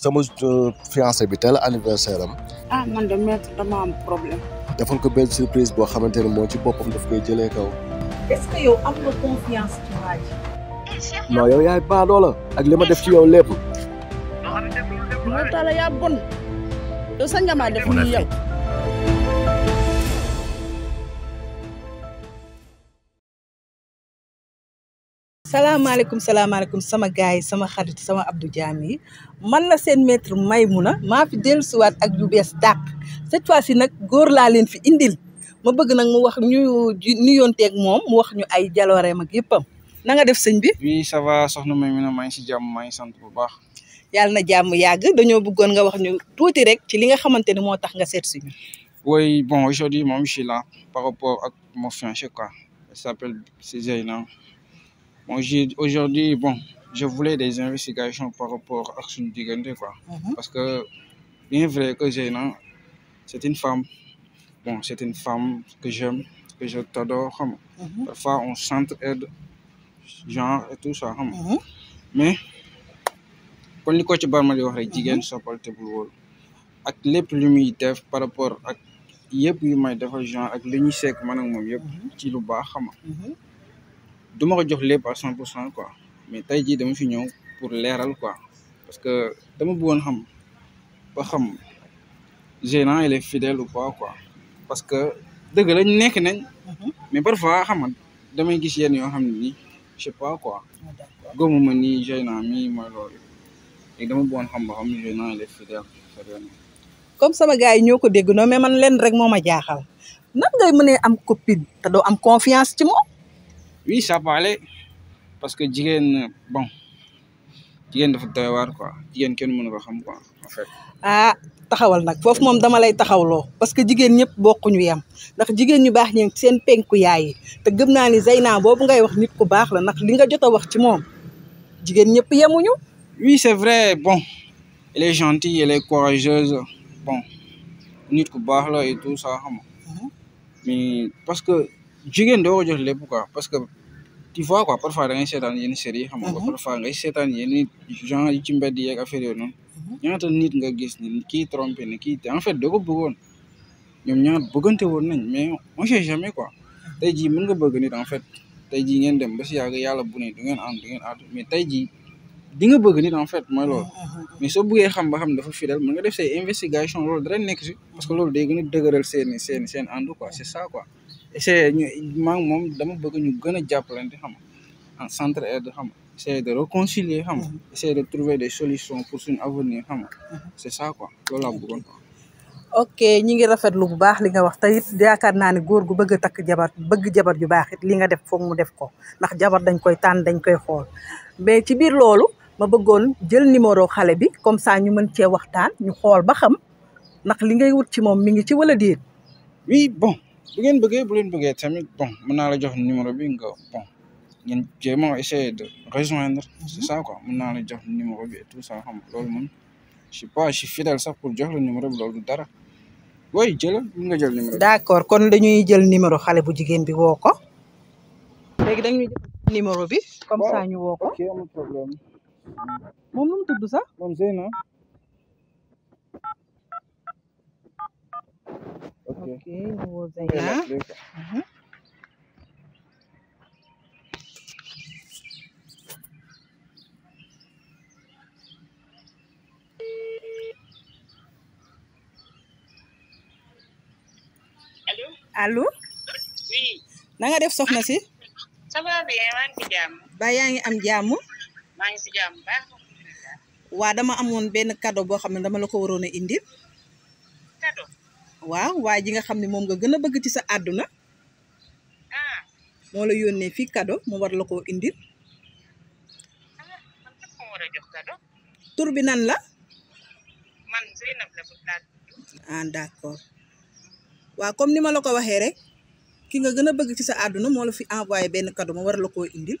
sama uh, fiancé bi tey anniversaire am. ah man de maître dama am problème. defal ko belle surprise bo xamanteni mo ci boppam daf koy jëlé kaw. est-ce que yow am nga confiance ci waa ji. non yow yaay baadoo la ak lima def ci yow lépp. loolu tax la yaa bon yow sañ nga maa def ni yow. Assalamualaikum, assalamualaikum, sama guys, sama xarit sama Abdou jami. man la sen maître Maimouna ma fi dellusiwaat ak yu bees cette fois ci nak gor la len fi indil ma bëgg nak mu wax ñu ak mom, mu wax ñu ay jalooreem ak yëppam na nga def señ bi. oui ça va soxna Maimouna may ci si may maa sant bu baax. Yalla na jamm yag, dañoo bëggon nga wax ñu touti rek ci li nga xamanteni mo tax nga set suñ. oui bon aujourd'hui mom je suis là par rapport ak mon fiancé quoi Ça s'appelle Zeyna aujourd'hui, bon, je voulais des investigations par rapport à Arsène Digende, quoi. Mhm. Parce que, bien vrai que Zéna, c'est une femme. Bon, c'est une femme que j'aime, que je t'adore. Mhm. Parfois, on s'entraide, genre et tout ça. Mm -hmm. Mais, quand le coach Barma dit, Digende, ça parle de boulot. Avec les plumes par rapport à. yëpp yu may defal genre ak li ñu seek man ak moom yëpp mhm. ci lu duma ma ko jox lépp à cent pour cent quoi mais tey jii dama fi ñëw pour leeral quoi parce que dama bëggoon xam ba xam gérant il est fidèle ou pas quoi parce que dëgg lañ nekk nañ mhm. mais parfois xam nga damay gis yenn yoo xam ne nii je sais pas quoi ah, gëmuma nii gérant mi mooy loolu léegi dama bëggoon xam ba xam gérant il est fidèle comme sama gars yi ñoo ko dégg noonu mais man leen rek moo ma jaaxal nan ngay mënee am copine te doo am confiance ci moom oui ça parlait parce que Djigène, bon doit quoi tu ko xam quoi en fait. ah taxawal nak suis mom dama lay taxawlo parce que ñep bokku ñu yam ndax jigen ñu bax seen penku yaay te gëm ni bobu ngay wax nit ku bax la nak li nga wax ci oui c'est vrai bon elle est gentille elle est courageuse bon nit ku bax la et tout ça mhm. mais parce que. jigéen doo ko jox lépp quoi parce que tu vois quoi parfois da ngay seetaan yenn série xam nga mhm. parfois ngay seetaan yi ci mbedd yeeg affaire yooyu noonu mhm. ñaata nit nga gis ni kii trompé ni kii en fait doo ko bëggoon ñoom ñaar bëggante woon nañ mais on sait jamais quoi tey jii mën nga bëgg nit en fait tey jii ngeen dem ba si yàgg yàlla bu ne du ngeen am du ngeen aatu mais tey jii di nga bëgg nit en fait mooy loolu mhm, mais soo xam ba xam dafa fidèle mën nga def say investigation loolu dara nekk si parce que loolu day gën a dëgëral seeni seeni seen ànd quoi c'est ça essayer ñu maa ngi moom dama bëgg ñu gën a ya jàppalante xam ah, nga s'entraider xam nga essayer de réconcilier xam nga essayer de trouver des solutions pour suñu avenir xam nga c'est ça quoi loolu laa bëggoon ok ñi ngi rafetlu bu baax li nga wax tayit yaakaar naa ne góor gu bëgg takk jabar bëgg jabar ju baax it li nga def foog mu def ko ndax jabar dañ koy tànn dañ koy xool mais ci biir loolu ma bëggoon jël numéro xale bi comme ça ñu mën cee waxtaan ñu xool ba xam ndax li ngay wut ci moom mi ngi ci wala déet oui bon bugen ngeen bulen bu tamit bon mën la jox numéro bi nga bon ñen jéem a essayer de rejoindre c'est ça quoi mën la jox numéro bi tout ça xam lool mun je sais pas je suis fidèle ça pour jox le numéro bi lool du dara way jël nga jël numéro d'accord kon dañuy jël numéro xalé bu jigen bi woko légui léegi dañuy jël numéro bi comme ça ñu woko ok amul problème mom num tuddu sax mom Zeyna Okay, nuwoza allo oui na nga def soxna si ça va bien man ci jàmm ba yaangi am jàmm Ma ngi ci jàmm ba. Wa dama amone ben cadeau bo xamne dama la ko waroon indi. cadeau waaw waaye ji nga xam ne moom nga gën a bëgg ci sa àdduna ah. moo la yónnee fii cadeau mu war la koo indil ah, tur bi nan la man Zeynab ah d'accord waaw comme ni ma la ko waxee rek ki nga gën a bëgg ci sa àdduna moo la fi envoyé benn kado mu war la koo indil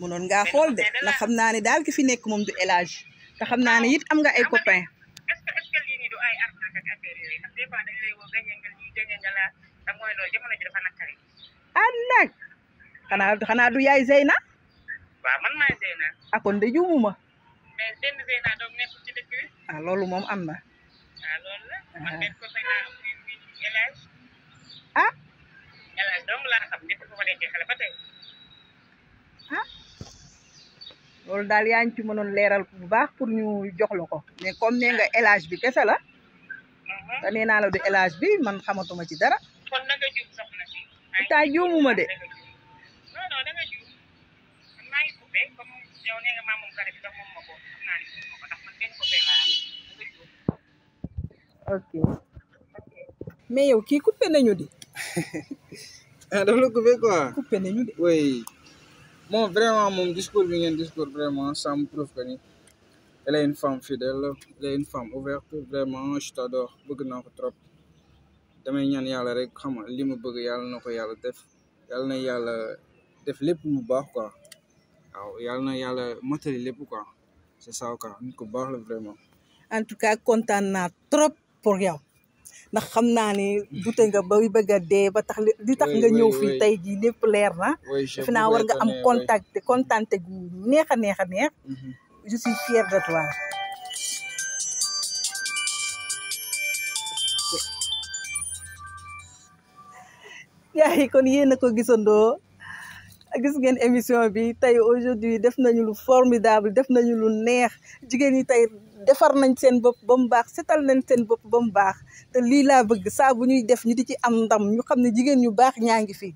mënoon nga xol de ndax xamna ni dal ki fi nek mom du élage ta xamna ni yit am nga ay copain ah nag li ni du yaay Zeyna man Zeyna ah, de mais Zeyna ci dëkk bi ah am na ah la ah. man benn copain laa am fii élage ah élage xam ma ah loolu daal yaa ngi ci mënoon leeral bu baax pour ñu jox la ko mais comme nee nga bi kese la mhm. te nee naa bi man xamatuma ci dara taa juumuma de mais yow kii coupé nañu di ah la coupé quoi coupé nañu di oui bon vraiment mon discours bi discours vraiment ça me prouve que elle est une femme fidèle elle est une femme ouverte vraiment je t'adore beaucoup naa trop damay ñaan y rek xam nga li ma bëgg yàlla na ko yàlla def que na yàlla def lépp mu baax quoi que je na yàlla quoi c'est ça quoi nit ku vraiment en tout cas content naa trop pour toi. ndax xam naa ni dute nga ba bëgg a dee ba tax li tax nga ñëw fii tey jii lépp leer na defe naa war nga am contact contacté gu neex a neex a neex mhm. je de toi yaay kon yéen a ko gisandoo gis ngeen émission bi tay aujourd'hui def nañu lu formidable def nañu lu neex jigéen ñi tay defar nañ seen bopp ba mu baax setal nañ seen bopp ba mu baax te lii laa bëgg saa bu ñuy def ñu di ci am ndam ñu xam ne jigéen ñu baax ñaa ngi fi.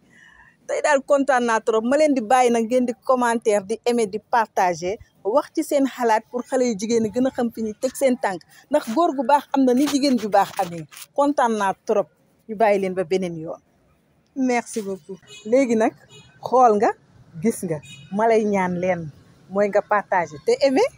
tay daal kontaan naa trop ma leen di bàyyi nag ngeen di commentaire di aimer di partager wax ci seen xalaat pour xale yu jigéen gën a xam fi ñuy teg seen tànk ndax góor gu baax am na ni jigéen ju baax amee kontaan naa trop ñu bàyyi leen ba beneen yoon merci beaucoup léegi nag. xool nga gis nga ma lay ñaan leen mooy nga partager te aimer